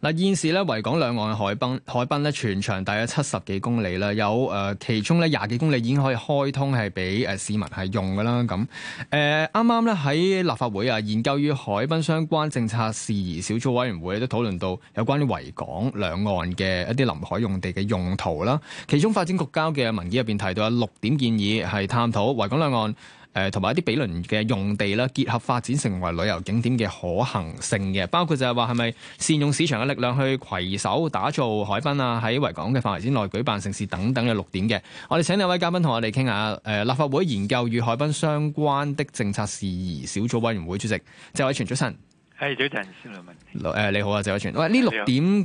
嗱，現時咧，維港兩岸嘅海濱，海濱咧，全長大約七十幾公里啦。有誒，其中咧廿幾公里已經可以開通，係俾市民係用㗎啦。咁誒啱啱咧喺立法會啊，研究與海濱相關政策事宜小組委員會都討論到有關於維港兩岸嘅一啲臨海用地嘅用途啦。其中發展局交嘅文件入面提到有六點建議係探討維港兩岸。誒同埋一啲毗鄰嘅用地啦，結合發展成為旅遊景點嘅可行性嘅，包括就係話係咪善用市場嘅力量去攜手打造海濱啊，喺維港嘅範圍之內舉辦盛事等等嘅六點嘅，我哋請兩位嘉賓同我哋傾下。誒立法會研究與海濱相關的政策事宜小組委員會主席謝偉銓，早晨。誒，早晨，先問，問，誒，你好啊，謝偉銓。喂，呢六點嘅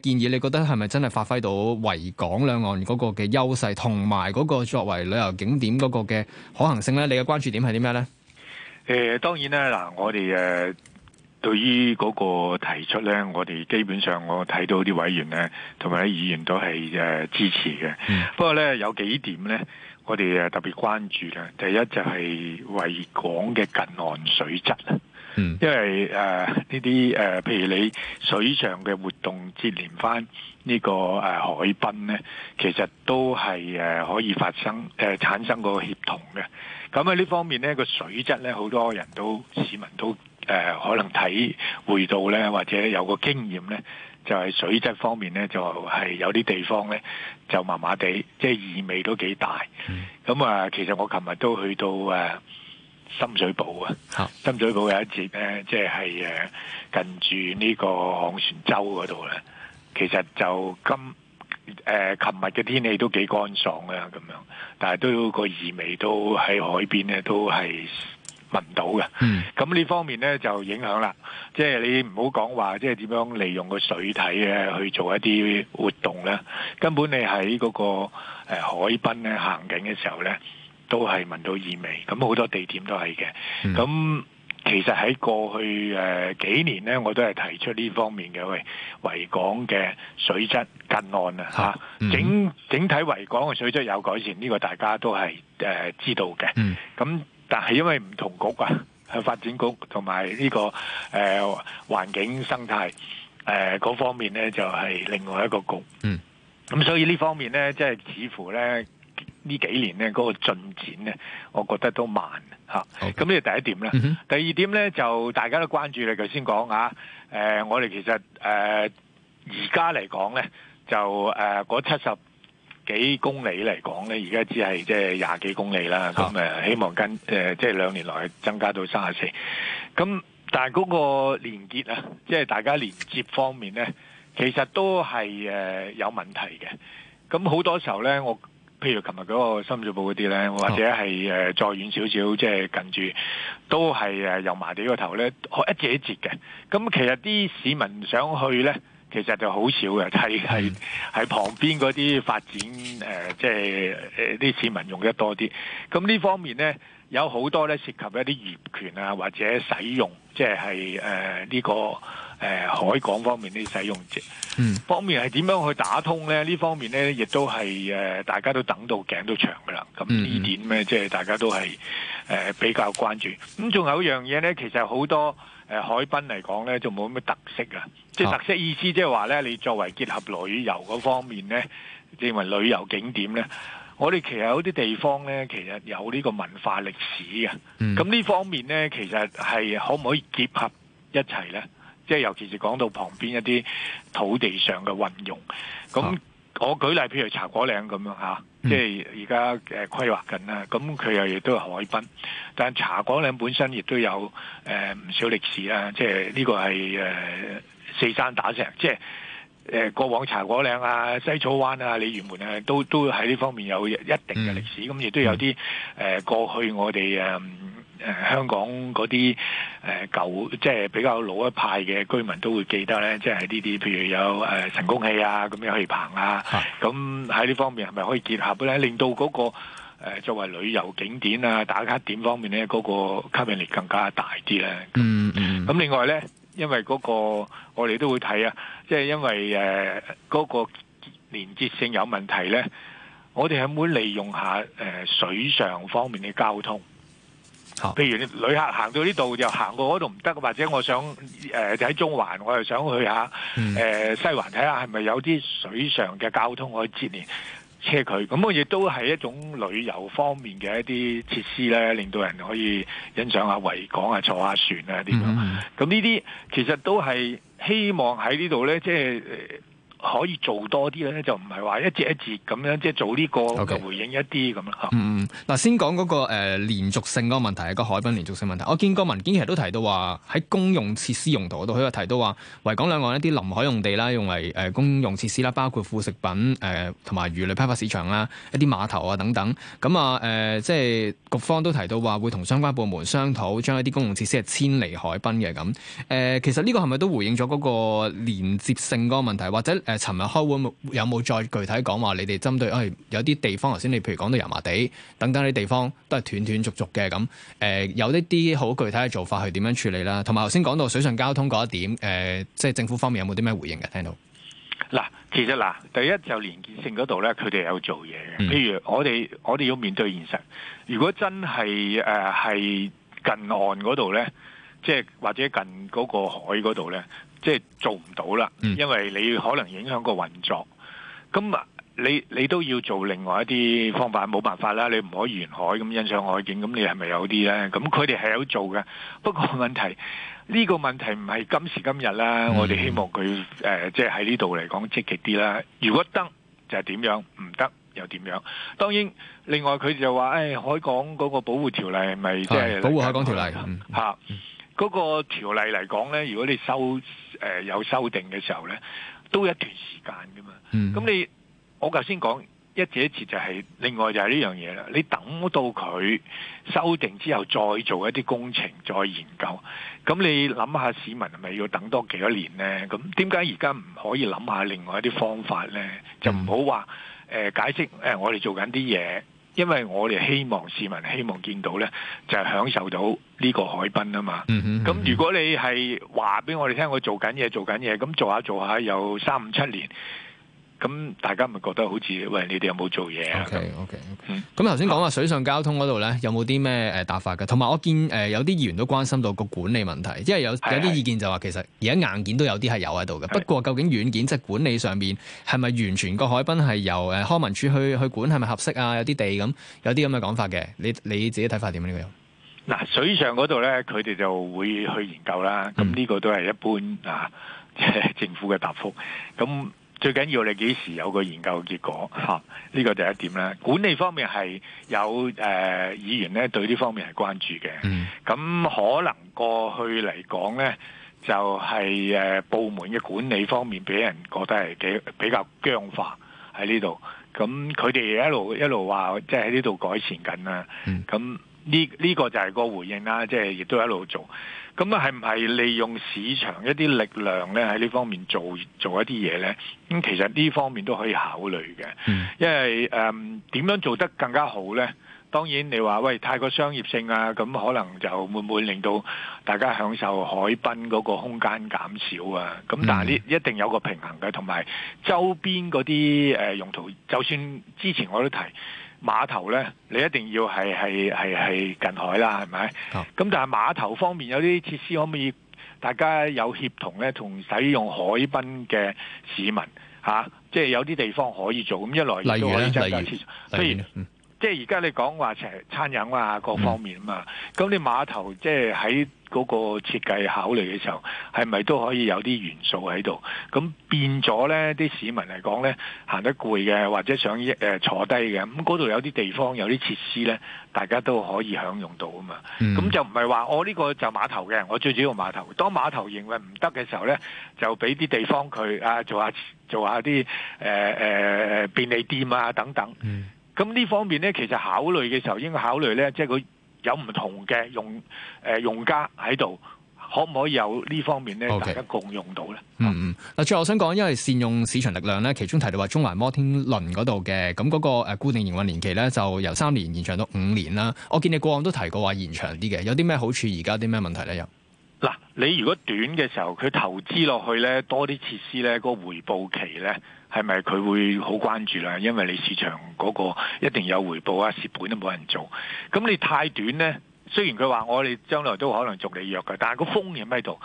建議，你，好你覺得係咪真係發揮到維港兩岸嗰個嘅優勢，同埋嗰個作為旅遊景點嗰個嘅可行性咧？你嘅關注點係點樣咧？誒，當然咧，嗱，我哋誒對於嗰個提出咧，我哋基本上我睇到啲委員咧，同埋啲議員都係誒支持嘅。嗯、不過咧，有幾點咧，我哋誒特別關注嘅，第一就係維港嘅近岸水質啊。因為誒呢啲誒，譬、呃呃、如你水上嘅活動接連翻呢、這個誒、呃、海濱咧，其實都係誒、呃、可以發生誒、呃、產生個協同嘅。咁啊呢方面咧個水質咧，好多人都市民都誒、呃、可能睇會到咧，或者有個經驗咧，就係、是、水質方面咧就係、是、有啲地方咧就麻麻地，即係異味都幾大。咁啊、嗯呃，其實我琴日都去到誒。呃深水埗啊，深水埗有一節咧，即係誒近住呢個昂船洲嗰度咧，其實就今誒琴日嘅天氣都幾乾爽啊，咁樣，但係都有個異味都喺海邊咧，都係聞到嘅。嗯。咁呢方面咧就影響啦，即係你唔好講話，即係點樣利用個水體咧去做一啲活動咧，根本你喺嗰個海濱咧行緊嘅時候咧。都係聞到異味，咁好多地點都係嘅。咁其實喺過去誒幾年咧，我都係提出呢方面嘅喂，維港嘅水質近岸啊，嚇整整體維港嘅水質有改善，呢個大家都係誒知道嘅。咁但係因為唔同局啊，喺發展局同埋呢個誒環境生態誒嗰方面咧，就係另外一個局。嗯，咁所以呢方面咧，即係似乎咧。呢幾年咧，嗰、嗰個進展咧，我覺得都慢嚇。咁呢個第一點啦。第二點咧，就大家都關注你。頭先講啊誒，我哋其實誒而家嚟講咧，就誒嗰、呃、七十幾公里嚟講咧，而家只係即係廿幾公里啦。咁 Okay.、啊、希望跟誒、呃、即係兩年內增加到三十四。咁但係嗰個連結啊，即係大家連接方面咧，其實都係、呃、有問題嘅。咁好多時候咧，我譬如琴日嗰個深水埗嗰啲咧，或者係誒再遠少少，即係近住都係誒油麻地嗰頭咧，可一截一截嘅。咁其實啲市民想去咧，其實就好少嘅，係係喺旁邊嗰啲發展誒，即係誒啲市民用得多啲。咁呢方面咧，有好多咧涉及一啲業權啊，或者使用，即係係誒呢個。誒，海港方面啲使用者，嗯、方面係點樣去打通咧？呢方面咧，亦都係誒、呃，大家都等到頸都長噶啦。咁呢點咧，即係大家都係誒、呃、比較關注。咁、嗯、仲有一樣嘢咧，其實好多誒、呃、海濱嚟講咧，就冇咩特色啊。即係特色意思，即係話咧，你作為結合旅遊嗰方面咧，認為旅遊景點咧，我哋其實有啲地方咧，其實有呢個文化歷史啊，咁呢、嗯、方面咧，其實係可唔可以結合一齊咧？即係尤其是講到旁邊一啲土地上嘅運用，咁我舉例譬如茶果嶺咁樣嚇、啊，即係而家誒規劃緊啦，咁佢又亦都係海濱，但茶果嶺本身亦都有誒唔、呃、少歷史啦、啊，即係呢個係誒、呃、四山打石，即係誒、呃、過往茶果嶺啊、西草灣啊、鯉魚門啊，都都喺呢方面有一定嘅歷史，咁亦、嗯、都有啲誒、呃、過去我哋誒。呃誒、呃、香港嗰啲誒舊即係比較老一派嘅居民都會記得咧，即係呢啲，譬如有誒、呃、神功戲啊、咁樣氣棚啊，咁喺呢方面係咪可以結合咧，令到嗰個、呃、作為旅遊景點啊、打卡點方面咧，嗰、那個吸引力更加大啲咧、嗯。嗯咁另外咧，因為嗰、那個我哋都會睇啊，即、就、係、是、因為誒嗰、呃那個連接性有問題咧，我哋係唔會利用下誒、呃、水上方面嘅交通。譬如旅客到行到呢度又行過嗰度唔得，或者我想、呃、我就喺中環，我又想去下誒、呃、西環睇下係咪有啲水上嘅交通可以接連車佢，咁我亦都係一種旅遊方面嘅一啲設施咧，令到人可以欣賞下維港啊，坐下船啊啲樣，咁呢啲其實都係希望喺呢度咧，即、就、係、是。可以做多啲咧，就唔係話一節一節咁樣，即係做呢個就回應一啲咁 Okay. 樣。嗯嗱，先講嗰、那個誒、呃、連續性個問題，那個海濱連續性問題。我見個文件其實都提到話，喺公用設施用途嗰度，佢又提到話維港兩岸一啲臨海用地啦，用為誒、呃、公用設施啦，包括副食品誒同埋魚類批發市場啦，一啲碼頭啊等等。咁啊誒即係局方都提到話會同相關部門商討，將一啲公用設施係遷離海濱嘅咁。誒、呃，其實呢個係咪都回應咗嗰個連接性嗰個問題或者？呃尋日開會有冇再具體講話？你哋針對誒有啲地方，頭先你譬如講到油麻地等等啲地方，都係斷斷續續嘅咁。誒、呃，有一啲好具體嘅做法係點樣處理啦？同埋頭先講到水上交通嗰一點，誒、呃，即係政府方面有冇啲咩回應嘅？聽到嗱，其實嗱，第一就連結性嗰度咧，佢哋有做嘢嘅。譬如我哋我哋要面對現實，如果真係誒係近岸嗰度咧，即係或者近嗰個海嗰度咧。即係做唔到啦，因為你可能影響個運作，咁啊，你你都要做另外一啲方法，冇辦法啦，你唔可以沿海咁欣賞海景，咁你係咪有啲咧？咁佢哋係有做嘅，不過問題呢個問題唔係今時今日啦，我哋希望佢誒，即係喺呢度嚟講積極啲啦。如果得就係點樣，唔得又點樣？當然，另外佢就話誒，海港嗰個保護條例係咪即係保護海港條例？吓。嗰個條例嚟講呢，如果你修誒、呃、有修訂嘅時候呢，都有一段時間噶嘛。咁、嗯、你我頭先講一節一節就係、是、另外就係呢樣嘢啦。你等到佢修訂之後再做一啲工程、再研究，咁你諗下市民係咪要等多幾多年呢？咁點解而家唔可以諗下另外一啲方法呢？就唔好話誒解釋、呃、我哋做緊啲嘢。因為我哋希望市民希望見到咧，就係享受到呢個海濱啊嘛。咁 如果你係話俾我哋聽，我做緊嘢做緊嘢，咁做下做下有三五七年。咁大家咪覺得好似喂，你哋有冇做嘢啊？咁咁頭先講話水上交通嗰度咧，有冇啲咩誒答法嘅？同埋、啊、我見誒有啲議員都關心到個管理問題，因為有的有啲意見就話其實而家硬件都有啲係有喺度嘅。的不過究竟軟件即係、就是、管理上面係咪完全個海濱係由誒康文署去去管係咪合適啊？有啲地咁有啲咁嘅講法嘅，你你自己睇法點啊？呢個樣嗱水上嗰度咧，佢哋就會去研究啦。咁呢、嗯、個都係一般啊， 政府嘅答覆咁。最緊要你幾時有個研究結果嚇？呢個第一點咧，管理方面係有誒、呃，議員咧對呢方面係關注嘅。咁、嗯、可能過去嚟講咧，就係、是、誒部門嘅管理方面俾人覺得係幾比較僵化喺呢度。咁佢哋一路一路話，即係喺呢度改善緊啦。咁、嗯。呢呢個就係個回應啦，即係亦都喺度做。咁啊，係唔係利用市場一啲力量咧喺呢方面做做一啲嘢咧？咁其實呢方面都可以考慮嘅，嗯、因為誒、呃、點樣做得更加好咧？當然你話喂太過商業性啊，咁可能就會唔會令到大家享受海濱嗰個空間減少啊？咁但係呢一定有個平衡嘅，同埋周邊嗰啲誒用途，就算之前我都提。碼頭咧，你一定要係係係係近海啦，係咪？咁、哦、但係碼頭方面有啲設施，可唔可以大家有協同咧，同使用海濱嘅市民嚇、啊，即係有啲地方可以做。咁一來亦都可以增加設施。例如，例如，嗯即係而家你講話餐飲啊各方面啊嘛，咁、嗯、你碼頭即係喺嗰個設計考慮嘅時候，係咪都可以有啲元素喺度？咁變咗咧，啲市民嚟講咧，行得攰嘅，或者想、呃、坐低嘅，咁嗰度有啲地方有啲設施咧，大家都可以享用到啊嘛。咁、嗯、就唔係話我呢個就碼頭嘅，我最主要碼頭。當碼頭認為唔得嘅時候咧，就俾啲地方佢啊，做下做下啲誒誒便利店啊等等。嗯咁呢方面咧，其實考慮嘅時候應該考慮咧，即係佢有唔同嘅用、呃、用家喺度，可唔可以有呢方面咧，Okay. 大家共用到咧？嗯嗯，嗱，最後我想講，因為善用市場力量咧，其中提到話中環摩天輪嗰度嘅，咁嗰個誒固定營運年期咧，就由三年延長到五年啦。我見你過往都提過話延長啲嘅，有啲咩好處？而家啲咩問題咧又？嗱，你如果短嘅時候，佢投資落去呢多啲設施呢，個回報期呢，係咪佢會好關注咧？因為你市場嗰個一定有回報啊，蝕本都冇人做。咁你太短呢，雖然佢話我哋將來都可能續你約嘅，但係個風險喺度。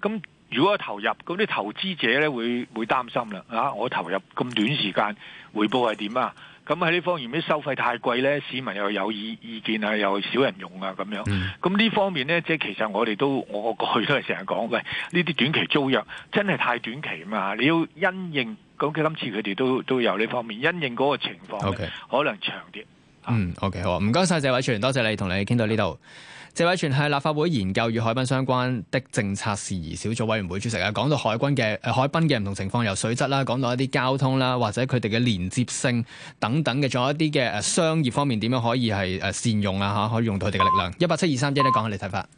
咁如果投入，咁啲投資者呢會會擔心啦。啊，我投入咁短時間，回報係點啊？咁喺呢方面啲收費太貴咧，市民又有意意見啊，又少人用啊，咁樣。咁呢方面咧，即係其實我哋都我過去都係成日講嘅，呢啲短期租約真係太短期啊嘛，你要因應，咁今次佢哋都都有呢方面，因應嗰個情況，可能長啲。Okay. 嗯，OK，好，唔該晒謝偉銓，多謝你同你哋傾到呢度。謝偉銓係立法會研究與海濱相關的政策事宜小組委員會主席啊。講到海軍嘅誒、呃，海濱嘅唔同情況，由水質啦，講到一啲交通啦，或者佢哋嘅連接性等等嘅，仲有一啲嘅誒，商業方面點樣可以係誒善用啊？吓，可以用到佢哋嘅力量。31, 一八七二三一，你講下你睇法。